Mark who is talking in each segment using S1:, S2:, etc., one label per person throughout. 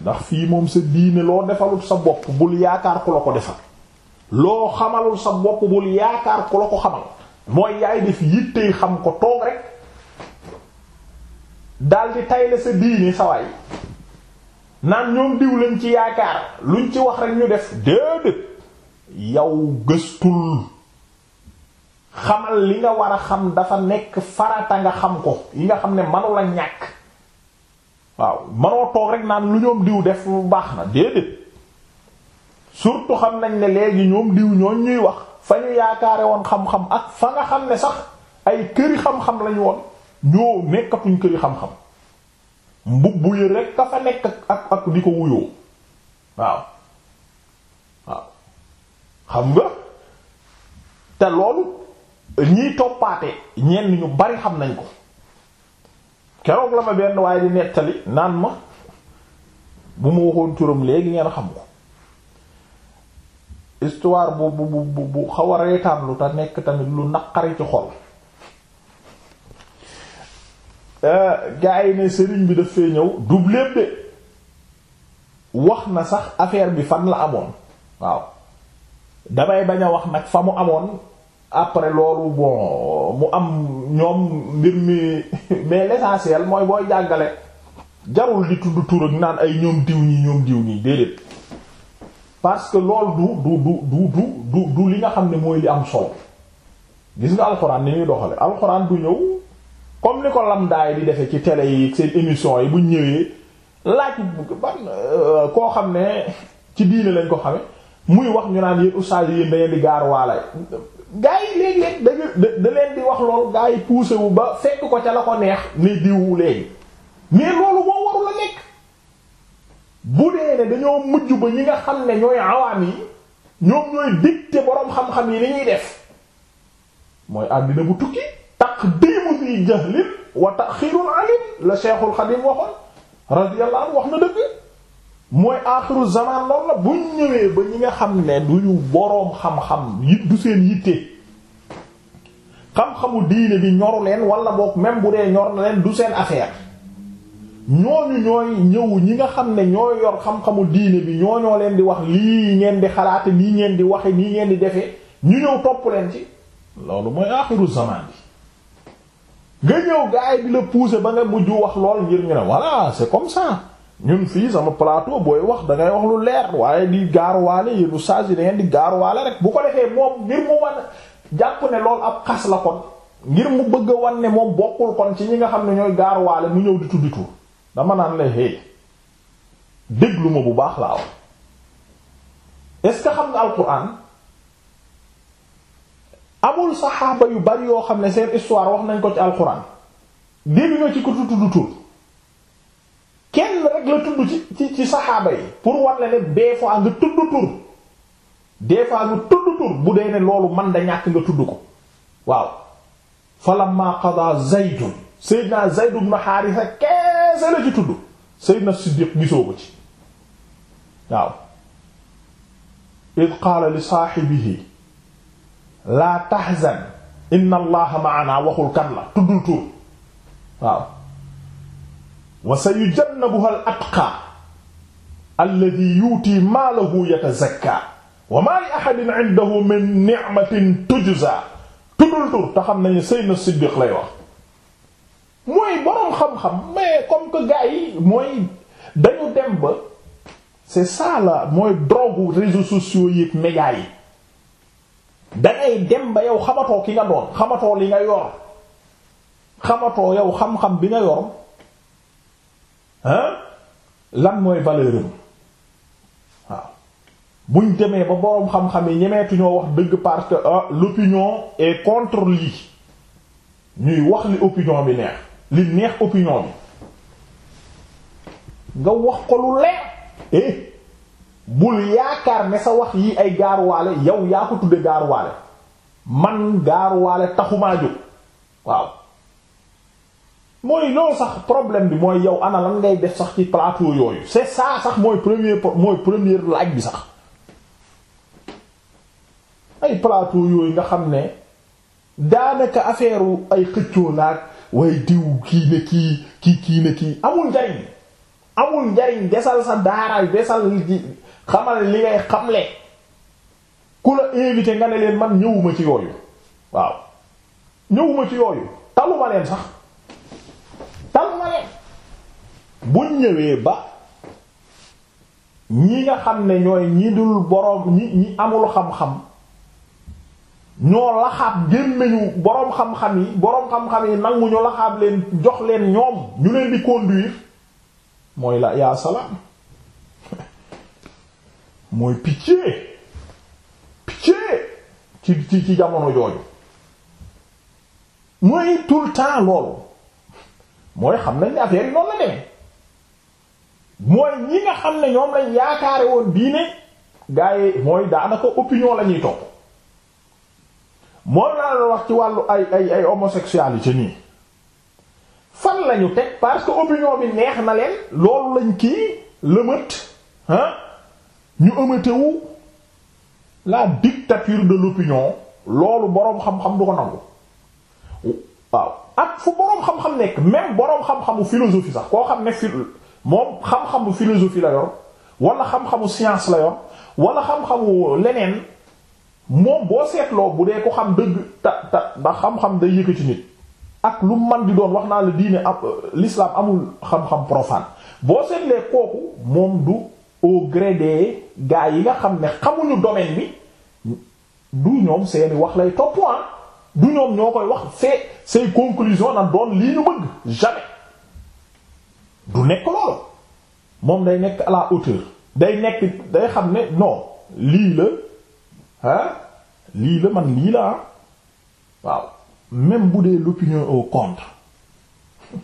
S1: ndax fii moom sa diine loo defalut sa bopp bul yaakaar ku la ko defal loo xamalul sa bopp bul yaakaar ku la ko xamal mooy yaay def yittey xam ko toog rek daldi tayle sa diine sa waay naan ñoom diw lañ ci yaakaar luñ ci wax rek ñu def déedéet yow gëstul xamal li nga war a xam dafa nekk farata nga xam ko yi nga xam ne manu ñàkk waaw manoo toog rek naan lu ñoom diw def lu baax na déedéet surtout xam nañ ne léegi ñoom diw ñooñ ñuy wax fa ñu yaakaare woon xam-xam ak fa nga xam ne sax ay këri xam-xam lañu woon ñoo nekkatuñ këri xam-xam mbubbu yi rek a fa nekk ak ak di ko wuyoo waaw waaw xam nga te loolu ñiy toppaate ñenn ñu bari xam nañ ko keroog la ma benn waaye di nettali naan ma bu mu waxoon turam léegi ngeen xam ko histoire bu bu bu bu a reetaan lu te nekk tamit lu naqari ci xol euh, gaa yi ne sëriñ bi daf fee ñëw doublé de wax na sax affaire bi fan la amoon waaw damay bañ a wax nag fa mu amoon après loolu bon mu am ñoom mbir mi mais l'essentiel mooy booy jàngale jarul di tudd tur ak naan ay ñoom diw ñi ñoom diw ñi déedéet parce que lool du du du du du du li nga xam ne mooy li am solo gis nga alxuraan ni ñuy doxale alxuraan du ñëw comme ni ko lamdaay di defe ci télé yi seen émission yi bu ñëwee laaj ban euh, koo xam ne ci diine lañ ko xame muy wax ñu naan yéen ustaas yi yéen da ngeen di gaar waala gaa yi léeg-léeg da leen di wax loolu gaa yi poussé wu ba fekk ko ca la ko neex ni diwu léegi mais loolu moo warul a nekk bu dee ne dañoo mujj ba ñi nga xam ne ñooy awaam yi ñoom ñooy dicté boroom xam-xam yi ni ñuy def mooy àddina bu tukki taqdimu fi jahlin wa taxiirul alim la Cheikhul Xadim waxoon radiyallahu anhu wax na dëgg mooy aaxiru zaman loolu la buñ ñëwee ba ñi nga xam ne ñu boroom xam-xam yi du seen yitte xam-xamu diine bi ñoru leen wala boog même bu dee ñor na leen du seen affaire ñooñu ñooy ñëw ñi nga xam ne ñoo yor xam-xamu diine bi ñoo ñoo leen di wax lii ngeen di xalaate lii ngeen di waxe nii ngeen di defee ñu ñëw topp leen ci loolu mooy aaxiru zaman bi nga ñëw gaay bi la pousser ba nga mujj wax lool ngir ñu ne voilà c'est comme ça ñun fii sama plateau booy wax da wax lu leer waaye di gaaruwaale yéen oustaz yi da di gaaruwaale rek bu ko defee moom ngir mu wan jàpp ne lool ab xas la kon ngir mu bëgg a wan ne moom bokkul kon ci ñi nga xam ne ñooy gaaruwaale mu ñëw di tuddi tur dama naan la hey déglu ma bu baax laa wax est-ce que xam nga alquran amul saxaaba yu bari yoo xam ne seen histoire wax nañ ko ci alquran dégg nga ci ko tuddu la tudd ci ci pour war ne des nga tudd tur des nga tudd tur bu dee ne loolu man da ñàkk nga tudd ko waaw falamma qada zaydun sayyidna zayd ibn haarisa keese la ci tudd sayyidna siddiq gisoo ko ci waaw id qaala li saahibihi laa tahzan inna allaha ma'ana waxul kan la tur waaw wa sayujannabuha al atqa alladhi yuuti maalahu yatazakka wa maa li ahadin indahu min ni'matin tujza tuddul tur te xam nañu Seydina Siddiq lay wax mooy boroom xam-xam mais comme que gars yi mooy dañu dem ba c'est ça mooy drogue réseaux sociaux yi ak médias dangay dem ba yow xamatoo ki nga doon xamatoo li nga yor xamatoo yow xam-xam bi nga yor lan mooy valeur am waaw buñ demee ba boroom xam-xam yi ñemeetuñoo wax dëgg parce que ah, l'opinion est contre lii ñuy wax li opinion bi neex li neex opinion bi nga wax kolu lu leer eh bul yaakaar ne sa wax yi ay gaaruwaale yow yaa ko tudde gaaruwaale man gaaruwaale taxumaa jóg waaw mooy loolu sax problème bi mooy yow ana ngay def sax ci plateau yooyu c'est ça sax mooy premier mooy première laaj bi sax ay plateau yooyu nga xam ne daanaka affaire ay xëccoo laag waaye diw kii ne kii kii kii ne kii amul njariñ amul njariñ desal sa daaraay desal ji xamal li ngay xamle ku la invité nga ne leen man ñëwuma ci yooyu waaw ñëwuma ci yooyu taluma leen sax bu ñëwee ba ñi nga xam ne ñooy ñi dul boroom ñi ñi amul xam-xam ñoo laxaab gémmiñu boroom xam-xam yi boroom xam-xam yi nangu ñu laxaab leen jox leen ñoom ñu leen di conduire mooy la yaa salaam mooy pitié pitié ci ci jamono jooju mooy tout le temps loolu mooy xam nañ ne affaire yi la demee mooy ñi nga xam ne ñoom lañ yaakaare woon diine gaa yi mooy daanaka opinion la ñuy topp moo naa la wax ci wàllu ay ay ay homosexualité nii fan lañu teg parce que opinion bi neex na leen loolu lañ kii lëmët ah ñu ëmatewu la dictature de l'opinion loolu boroom xam-xam du ko nangu waaw ak fu boroom xam-xam nekk même boroom xam-xamu philosophie sax koo xam ne moom xam-xamu philosophie la yor wala xam-xamu science la yor wala xam-xamu leneen moom boo seetloo bu dee ko xam dëgg ta ta xam-xam day yëkkati nit ak lu man di doon wax naa la diine ab euh, l'islam amul xam-xam profane boo seetlee kooku moom du au gré des gars yi nga xam ne xamuñu domaine bi du ñoom seeni wax lay topp ah. du ñoom ñoo koy wax c'est say conclusion na doon lii ñu bëgg du nekk loolu moom day nekk à la hauteur day nekk day xam ne non lii la ah lii la man lii la ah waaw même bu dee l'opinion au contre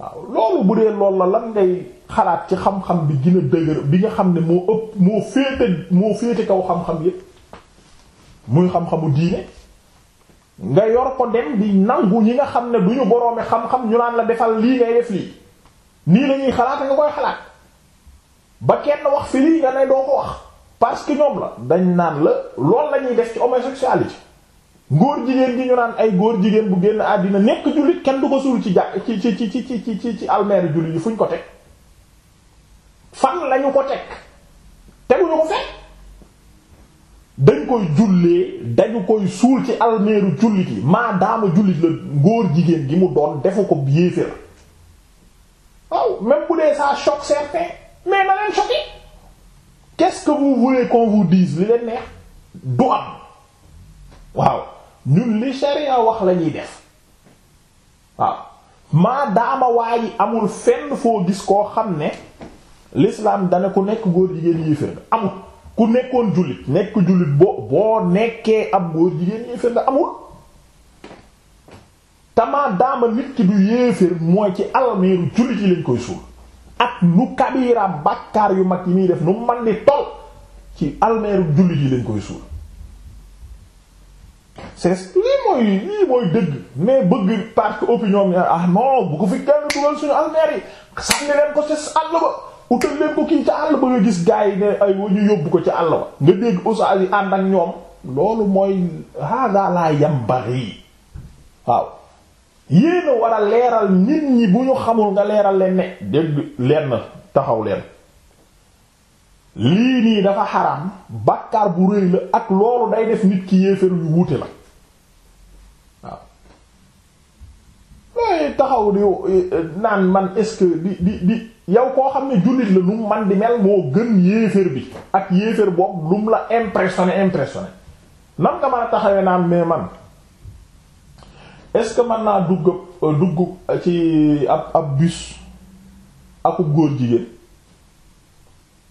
S1: waaw loolu bu dee loolu la lan ngay xalaat ci xam-xam bi gën a dëgër bi nga xam ne moo ëpp moo féete moo féete kaw xam-xam yépp muy xam-xamu diine nga yor ko dem di nangu ñi nga xam ne du ñu boroomi xam-xam ñu naan la defal lii ngay def lii nii lañuy xalaat nga koy xalaat ba kenn wax fi lii nga ne doo ko wax parce que ñoom la dañ naan la lool lañuy def ci homosexualité góor jigéen gi ñu naan ay góor jigéen bu génn àddina nekk jullit kenn du ko suul ci jàkk ci ci ci ci ci ci ci almeeri jullit yi fu ñu ko teg fan lañu ko teg teguñu ko fekk dañ koy jullee dañu koy suul ci almeeru jullit yi maadaama jullit la góor jigéen gi mu doon defu ko yéefe la waaw oh, même bu dee sa choque certains mais na leen choqué quest que vous voulez qu'on li leen neex du am waaw ñun li sharia wax lañuy def waaw maa daama waayi amul fenn foo gis koo xam ne l'islam dana ku nekk góor jigéen yéefér nga amul ku nekkoon jullit nekk jullit boo boo nekkee ab góor jigéen yéefér nga amul tamaa daama nit ki du yéeféer mooy ci almeeru jullit yi lañ koy suul ak nu kabira bàkkaar yu mag yi muy def nu man di tol ci almeeru jullit yi lañ koy suul c'est lii mooy lii mooy dëgg mais bëgg parce que opinion bi ah bu ko fi kenn dugal suñu almeer yi sànni leen ko ci àll ba utal leen ko kii ca àll ba nga gis gars yi ne ay wa ñu yóbbu ko ci àll ba nga dégg oustaz yi ànd ak ñoom loolu mooy hada la yambari waaw yéen a leeral nit ñi bu ñu xamul nga leeral leen ne dégg leen taxaw leen lii nii dafa xaram bàkkaar bu rëy la ak loolu day def nit ci yéeféer yu wuute la waaw taxaw di naan man est-ce que di di di yow koo xam ne jullit la nu man di mel moo gën yéeféer bi ak yéeféer boobu lu la impressionné impressionné nam nga mën a taxawee naan mais man est-ce que mën naa dugg euh, dugg ci ab bus aku góor jigéen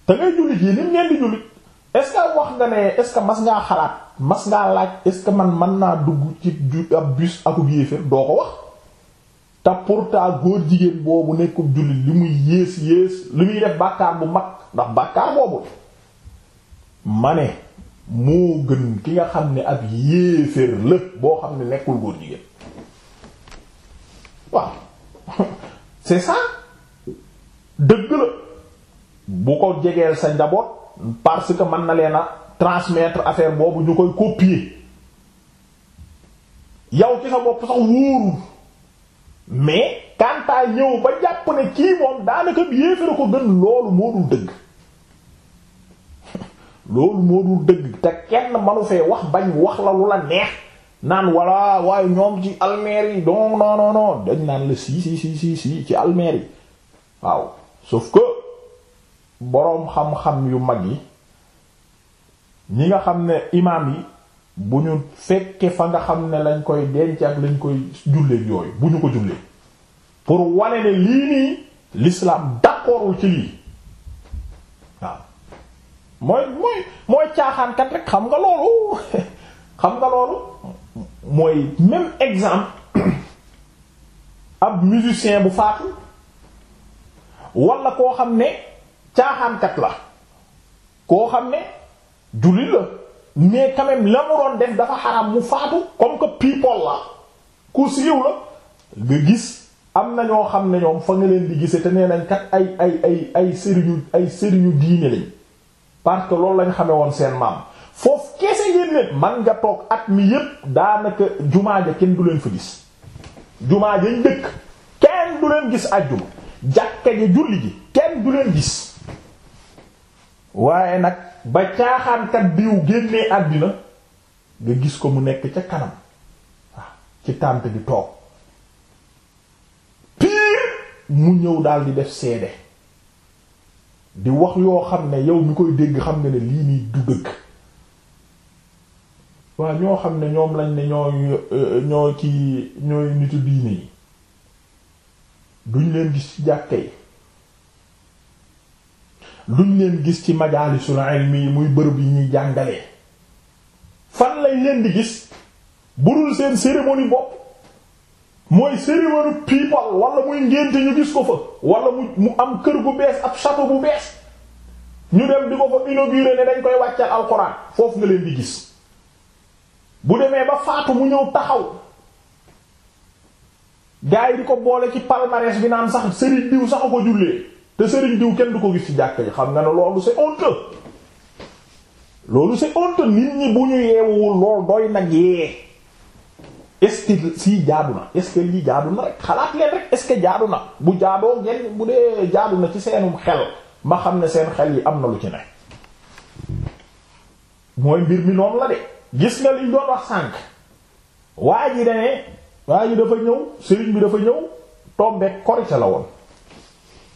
S1: te ngay jullit yi nim ngeen di jullit est-ce wax nga ne est mas ngaa xalaat mas ngaa laaj est-ce man mën naa dugg ci ab bus aku yéeféer doo ko wax te góor jigéen boobu nekkub jullit li muy yées yées li muy def bàkkaar bu mag ndax bàkkaar boobu ma ne moo gën ki nga xam ne ab yéeféer la boo xam ne nekkul góor jigéen c'est ça dëgg la bu ko jegeel sa njaboot parce que mën na leen a transmettre affaire boobu ñu koy copier yow ci sa bopp sax wóorul mais kantaa ñëw ba jàpp ne kii moom daanaka yéefara ko gën loolu moo dul dëgg loolu moo dul dëgg te kenn manu fee wax bañ wax la lu la neex naan walla waaye ñoom ci almeer yi donc non dañ naan la si si si si si ci almeer yi waaw sauf que boroom xam-xam yu mag yi ñi nga xam ne imaam yi bu ñu fekke fa nga xam ne lañ koy denc ak lañ koy jullee yooyu bu ñu ko jullee pour wane ne lii nii l'islam d'accordul ci lii waaw mooy mooy mooy caaxaankat rek xam nga loolu xam nga loolu mooy même exemple ab musicien bu faatu na koo xam ne caaxaankat la koo xam ne jullit la mais quand même la mu doon def dafa xaram mu faatu comme que people la ku siiw la nga gis am na ñoo xam ne ñoom fa nga leen di gise te nee nañ ay ay ay ay sëriñu ay sëriñu diine lañ parce loolu lañ xame woon seen maam foofu keese ngeen leen nga toog at mi yépp daanaka jumaa ja kenn du leen fa gis jumaa ja njëkk kenn du leen gis ajjuma jàkka ja julli ji kenn du leen gis waaye nag ba caaxaankat biiw génnee àddina nga gis ko mu nekk ca kanam ci tànt bi toog piir mu ñëw daal di def seede di wax yoo xam ne yow mi koy dégg xam nga ne lii nii du dëgg waa ñoo xam ne ñoom lañ ne ñooy ci euh, ñooy nitu diine yi duñ leen gis ci jàkka duñ leen gis ci majalisul ilmi muy bërëb yi ñuy jàngale fan lañ leen di gis burul seen cérémonie bopp mooy cérémonie people wala muy ngénte ñu gis ko fa wala mu mu am kër gu bees ab château bu bees ñu dem di ko fa inaugurer ne dañ koy wàccal alxuraan foofu nga leen di gis bu demee ba faatu mu ñëw taxaw gars yi di ko boole ci palmarès bi naan sax Serigne diw sax a ko jullee te Serigne diw kenn du ko gis ci jàkk ji xam nga ne loolu c'est honteux loolu c'est honteux nit ñi bu ñu yeewuwul lool doy nag yee est sii que si jaadu na est lii jaadu na rek xalaat leen rek est-ce jaadu na bu jaadoo ngeen bu dee jaadu na ci seenum xel ma xam ne seen xel yi am na lu ci ne mooy mbir mi noonu la de. gis nga liñ doon wax sànq waa ji dane waa ji dafa ñëw sëriñ bi dafa ñëw tombe korite la woon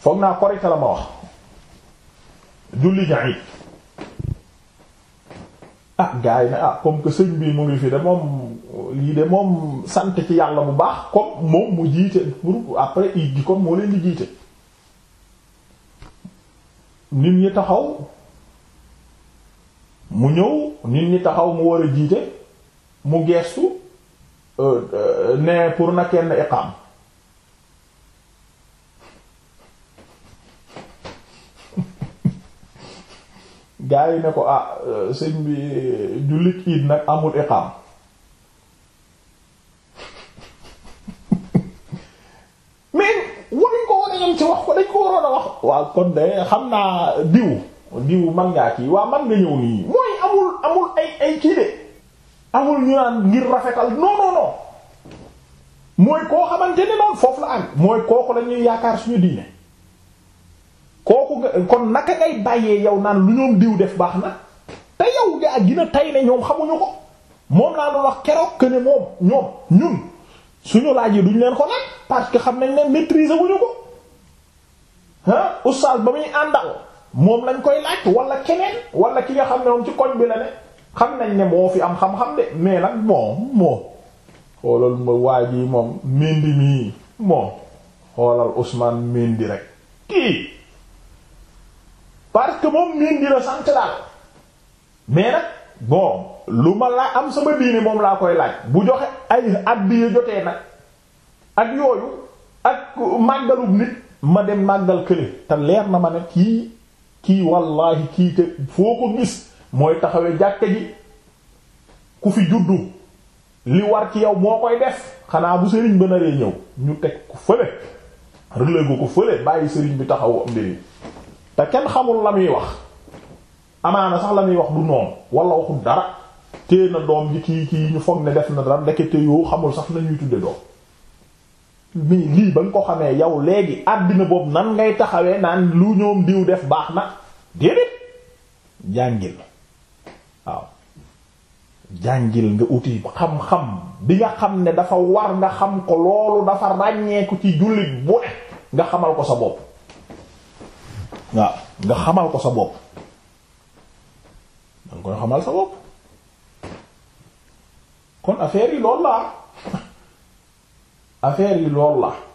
S1: foog naa korite la ma wax julli ña it ah gars yi ah comme que sëñ bi mu ngi fi de moom lii de moom sant ci yàlla bu baax comme moom mu jiite pour après it gi comme moo leen di jiite nit ñi taxaw mu ñëw nit ñi taxaw mu war a jiite mu geestu euh, euh, ne pour na kenn iqaam gaa yi ne ko ah euh, sëñ bi jullit iid nag amul iqaam mais waruñ ko war a yem ci wax ko dañ ko waroon a wax waaw kon de xam naa diw diw man ngaa kii waa man nga ñëw nii mooy amul amul ay ay kii de amul ñu naan ngir rafetal non non mooy koo xamante ne noonu foofu la am mooy kooku la ñuy yaakaar suñu diine kooku nga kon naka ngay bàyyee yow naan lu ñoom diw def baax na te yow gaa gina tay ne ñoom xamuñu ko moom laa doon wax keroog ne moom ñoom ñun suñu laaj yi duñ leen ko laaj parce que xam nañ ne maîtriser wuñu ko ah oustaz ba muy àndal. moom lañ koy laaj wala keneen wala ki nga xam ne moom ci koñ bi la ne xam nañ ne moo fi am xam mais nag moom moom xoolal ma waa ji moom mindi mii moom xoolal Ousmane mindi rek kii parce que moom mindi la sant daal mais nag bon lu ma laa am sama diine moom laa koy laaj bu joxe ay addiya jotee nag ak yooyu ak màggalub nit ma dem màggal kële te leer na ma ne kii kii wallaahi kii te foo ko gis mooy taxawee jàkka ji ku fi juddu li war ci yow moo koy def xanaa bu sëriñ ba naree ñëw ñu teg ko fële relégu ko fële bàyyi sëriñ bi taxaw am te kenn xamul la muy wax amaana sax la muy wax du noonu wala waxul dara téye na doom ji kii kii ñu foog ne def na dara ndekete yoo xamul sax nañuy tudde doom mais lii ba nga ko xamee yow léegi àddina boobu nan ngay taxawee naan lu ñoom diw def baax na déedéet jàngil waaw jàngil nga uti xam-xam bi nga xam ne dafa war nga xam ko loolu dafa ràññeeku ci jullit bu nga xamal ko sa bopp waaw nga xamal ko sa bopp danga koy xamal sa bopp kon affaire yi loolu affaire yi lool la